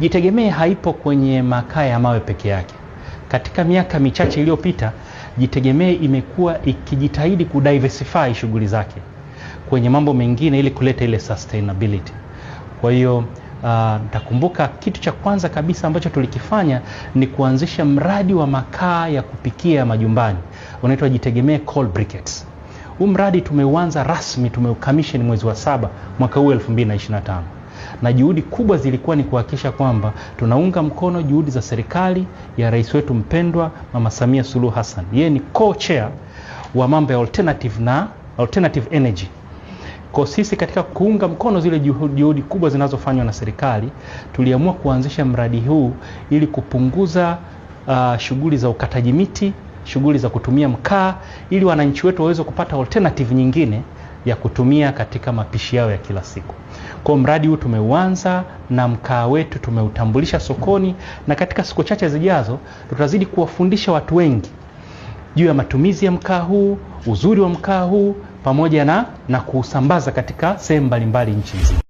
Jitegemee haipo kwenye makaa ya mawe peke yake. Katika miaka michache iliyopita, Jitegemee imekuwa ikijitahidi kudiversify shughuli zake kwenye mambo mengine ili kuleta ile sustainability. Kwa hiyo nitakumbuka uh, kitu cha kwanza kabisa ambacho tulikifanya ni kuanzisha mradi wa makaa ya kupikia majumbani unaitwa Jitegemee Coal Briquettes. Huu mradi tumeuanza rasmi, tumeukamisheni mwezi wa saba mwaka huu 2025 na juhudi kubwa zilikuwa ni kuhakikisha kwamba tunaunga mkono juhudi za serikali ya rais wetu mpendwa Mama Samia Suluhu Hassan. Yeye ni co-chair wa mambo ya alternative na alternative energy kwa sisi katika kuunga mkono zile juhudi kubwa zinazofanywa na serikali, tuliamua kuanzisha mradi huu ili kupunguza uh, shughuli za ukataji miti, shughuli za kutumia mkaa, ili wananchi wetu waweze kupata alternative nyingine ya kutumia katika mapishi yao ya kila siku. Kwa mradi huu tumeuanza na mkaa wetu tumeutambulisha sokoni, na katika siku chache zijazo tutazidi kuwafundisha watu wengi juu ya matumizi ya mkaa huu, uzuri wa mkaa huu pamoja na, na kuusambaza katika sehemu mbalimbali nchi nzima.